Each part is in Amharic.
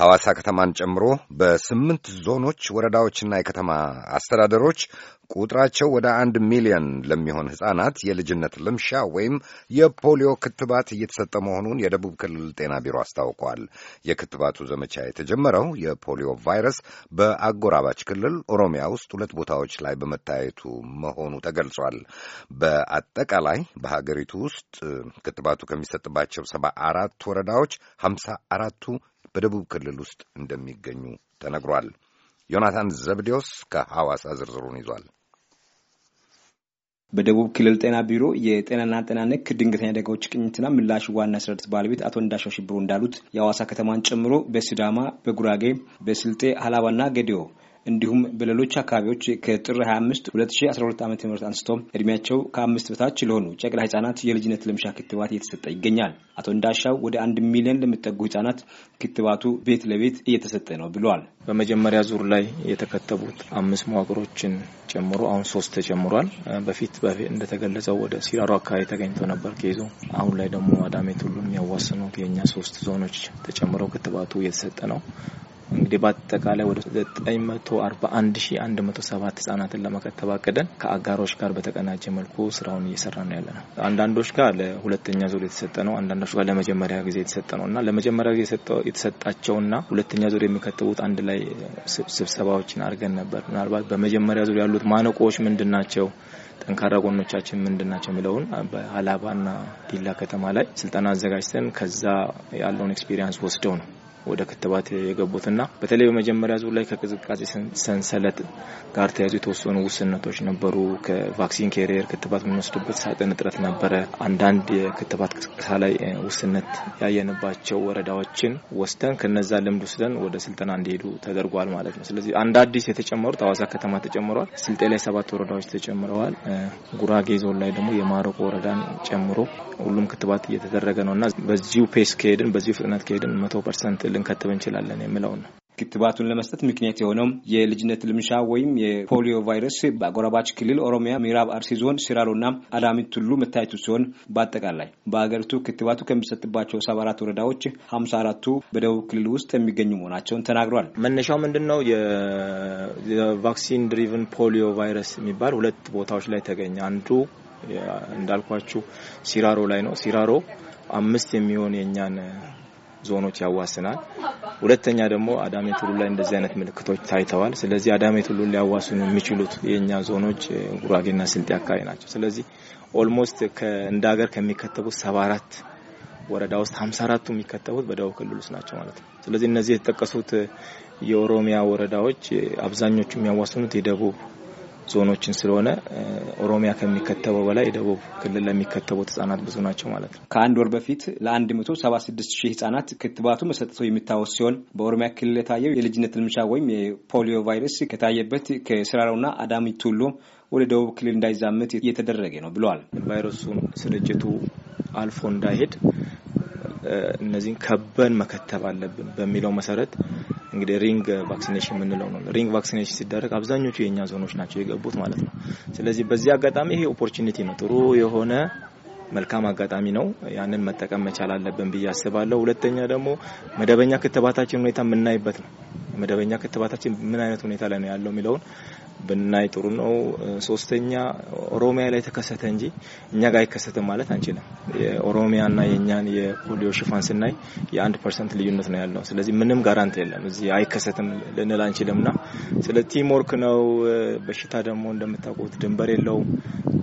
ሐዋሳ ከተማን ጨምሮ በስምንት ዞኖች ወረዳዎችና የከተማ አስተዳደሮች ቁጥራቸው ወደ አንድ ሚሊዮን ለሚሆን ሕፃናት የልጅነት ልምሻ ወይም የፖሊዮ ክትባት እየተሰጠ መሆኑን የደቡብ ክልል ጤና ቢሮ አስታውቋል። የክትባቱ ዘመቻ የተጀመረው የፖሊዮ ቫይረስ በአጎራባች ክልል ኦሮሚያ ውስጥ ሁለት ቦታዎች ላይ በመታየቱ መሆኑ ተገልጿል። በአጠቃላይ በሀገሪቱ ውስጥ ክትባቱ ከሚሰጥባቸው ሰባ አራት ወረዳዎች ሀምሳ አራቱ በደቡብ ክልል ውስጥ እንደሚገኙ ተነግሯል። ዮናታን ዘብዴዎስ ከሐዋሳ ዝርዝሩን ይዟል። በደቡብ ክልል ጤና ቢሮ የጤናና ጤና ነክ ድንገተኛ አደጋዎች ቅኝትና ምላሽ ዋና ስራ ባለቤት አቶ እንዳሻው ሽብሩ እንዳሉት የአዋሳ ከተማን ጨምሮ በሲዳማ፣ በጉራጌ፣ በስልጤ፣ ሀላባና ገዲዮ እንዲሁም በሌሎች አካባቢዎች ከጥር 25 2012 ዓ ም አንስቶ እድሜያቸው ከአምስት በታች ለሆኑ ጨቅላ ህጻናት የልጅነት ልምሻ ክትባት እየተሰጠ ይገኛል። አቶ እንዳሻው ወደ አንድ ሚሊዮን ለሚጠጉ ህጻናት ክትባቱ ቤት ለቤት እየተሰጠ ነው ብለዋል። በመጀመሪያ ዙር ላይ የተከተቡት አምስት መዋቅሮችን ጨምሮ አሁን ሶስት ተጨምሯል። በፊት እንደተገለጸው ወደ ሲራሮ አካባቢ ተገኝቶ ነበር ከይዞ አሁን ላይ ደግሞ አዳሜ ቱሉን የሚያዋስኑት የእኛ ሶስት ዞኖች ተጨምረው ክትባቱ እየተሰጠ ነው። እንግዲህ በአጠቃላይ ወደ 941107 ህጻናትን ለመከተብ አቅደን ከአጋሮች ጋር በተቀናጀ መልኩ ስራውን እየሰራ ነው ያለ ነው። አንዳንዶች ጋር ለሁለተኛ ዙር የተሰጠ ነው፣ አንዳንዶች ጋር ለመጀመሪያ ጊዜ የተሰጠ ነው እና ለመጀመሪያ ጊዜ የተሰጣቸውና ሁለተኛ ዙር የሚከትቡት አንድ ላይ ስብሰባዎችን አድርገን ነበር። ምናልባት በመጀመሪያ ዙር ያሉት ማነቆዎች ምንድን ናቸው ጠንካራ ጎኖቻችን ምንድን ናቸው የሚለውን በሀላባና ዲላ ከተማ ላይ ስልጠና አዘጋጅተን ከዛ ያለውን ኤክስፒሪያንስ ወስደው ነው ወደ ክትባት የገቡትና በተለይ በመጀመሪያ ዙር ላይ ከቅዝቃዜ ሰንሰለት ጋር ተያዙ የተወሰኑ ውስንነቶች ነበሩ። ከቫክሲን ኬሪየር ክትባት የምንወስዱበት ሳጥን እጥረት ነበረ። አንዳንድ የክትባት ቅስቀሳ ላይ ውስንነት ያየንባቸው ወረዳዎችን ወስደን ከነዛ ልምድ ወስደን ወደ ስልጠና እንዲሄዱ ተደርጓል ማለት ነው። ስለዚህ አንድ አዲስ የተጨመሩት አዋሳ ከተማ ተጨምረዋል። ስልጤ ላይ ሰባት ወረዳዎች ተጨምረዋል። ጉራጌ ዞን ላይ ደግሞ የማረቆ ወረዳን ጨምሮ ሁሉም ክትባት እየተደረገ ነው እና በዚሁ ፔስ ከሄድን በዚሁ ፍጥነት ከሄድን መቶ ፐርሰንት ልንከትብ እንችላለን የሚለው ነው። ክትባቱን ለመስጠት ምክንያት የሆነው የልጅነት ልምሻ ወይም የፖሊዮ ቫይረስ በአጎራባች ክልል ኦሮሚያ ምዕራብ አርሲ ዞን ሲራሮና አዳሚት ቱሉ መታየቱ ሲሆን በአጠቃላይ በአገሪቱ ክትባቱ ከሚሰጥባቸው ሰባ አራት ወረዳዎች ሀምሳ አራቱ በደቡብ ክልል ውስጥ የሚገኙ መሆናቸውን ተናግሯል። መነሻው ምንድን ነው? የቫክሲን ድሪቭን ፖሊዮ ቫይረስ የሚባል ሁለት ቦታዎች ላይ ተገኘ። አንዱ እንዳልኳችሁ ሲራሮ ላይ ነው። ሲራሮ አምስት የሚሆን የእኛን ዞኖች ያዋስናል። ሁለተኛ ደግሞ አዳሜ ቱሉ ላይ እንደዚህ አይነት ምልክቶች ታይተዋል። ስለዚህ አዳሜ ቱሉን ሊያዋስኑ የሚችሉት የእኛ ዞኖች ጉራጌና ስልጤ አካባቢ ናቸው። ስለዚህ ኦልሞስት እንደ ሀገር ከሚከተቡት ሰባ አራት ወረዳ ውስጥ ሀምሳ አራቱ የሚከተቡት በደቡብ ክልል ውስጥ ናቸው ማለት ነው። ስለዚህ እነዚህ የተጠቀሱት የኦሮሚያ ወረዳዎች አብዛኞቹ የሚያዋስኑት የደቡብ ዞኖችን ስለሆነ ኦሮሚያ ከሚከተበው በላይ ደቡብ ክልል ለሚከተቡት ህጻናት ብዙ ናቸው ማለት ነው። ከአንድ ወር በፊት ለ176 ሺህ ህጻናት ክትባቱ መሰጠቱ የሚታወስ ሲሆን በኦሮሚያ ክልል የታየው የልጅነት ልምሻ ወይም የፖሊዮ ቫይረስ ከታየበት ከሲራሮና አዳሚ ቱሉ ወደ ደቡብ ክልል እንዳይዛመት እየተደረገ ነው ብለዋል። ቫይረሱን ስርጭቱ አልፎ እንዳይሄድ እነዚህን ከበን መከተብ አለብን በሚለው መሰረት እንግዲህ ሪንግ ቫክሲኔሽን የምንለው ነው። ሪንግ ቫክሲኔሽን ሲደረግ አብዛኞቹ የእኛ ዞኖች ናቸው የገቡት ማለት ነው። ስለዚህ በዚህ አጋጣሚ ይሄ ኦፖርቹኒቲ ነው፣ ጥሩ የሆነ መልካም አጋጣሚ ነው። ያንን መጠቀም መቻል አለብን ብዬ አስባለሁ። ሁለተኛ ደግሞ መደበኛ ክትባታችን ሁኔታ የምናይበት ነው። መደበኛ ክትባታችን ምን አይነት ሁኔታ ላይ ነው ያለው የሚለውን ብናይ ጥሩ ነው። ሶስተኛ ኦሮሚያ ላይ ተከሰተ እንጂ እኛ ጋር አይከሰትም ማለት አንችልም። የኦሮሚያና የእኛን የፖሊዮ ሽፋን ስናይ የአንድ ፐርሰንት ልዩነት ነው ያለው። ስለዚህ ምንም ጋራንት የለም እዚህ አይከሰትም ልንል አንችልም። ና ስለ ቲም ወርክ ነው። በሽታ ደግሞ እንደምታውቁት ድንበር የለውም።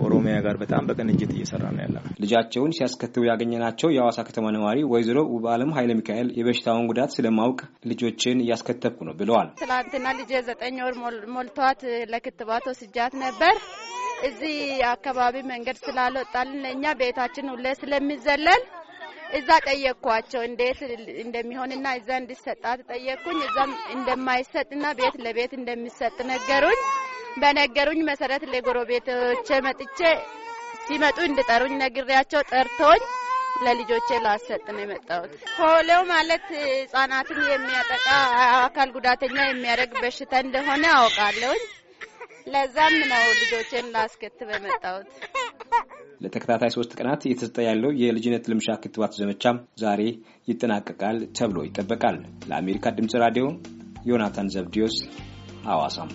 ኦሮሚያ ጋር በጣም በቅንጅት እየሰራ ነው ያለ። ልጃቸውን ሲያስከትቡ ያገኘናቸው የአዋሳ ከተማ ነዋሪ ወይዘሮ ውብ አለም ኃይለ ሚካኤል የበሽታውን ጉዳት ስለማውቅ ልጆችን እያስከተብኩ ነው ብለዋል። ትላንትና ልጄ ዘጠኝ ወር ሞልቷት ለክትባት ወስጃት ነበር። እዚህ አካባቢ መንገድ ስላልወጣልን እኛ ቤታችን ሁሌ ስለሚዘለል እዛ ጠየቅኳቸው እንዴት እንደሚሆንና እዛ እንዲሰጣት ጠየቅኩኝ። እዛም እንደማይሰጥና ቤት ለቤት እንደሚሰጥ ነገሩኝ። በነገሩኝ መሰረት ለጎረቤቶቼ መጥቼ ሲመጡ እንድጠሩኝ ነግሬያቸው ጠርቶኝ ለልጆቼ ላሰጥ ነው የመጣሁት። ፖሊዮ ማለት ህጻናትን የሚያጠቃ አካል ጉዳተኛ የሚያደርግ በሽታ እንደሆነ አውቃለሁኝ። ለዛም ነው ልጆችን ላስከት የመጣሁት። ለተከታታይ ሶስት ቀናት እየተሰጠ ያለው የልጅነት ልምሻ ክትባት ዘመቻ ዛሬ ይጠናቀቃል ተብሎ ይጠበቃል። ለአሜሪካ ድምፅ ራዲዮ ዮናታን ዘብዲዮስ ሐዋሳም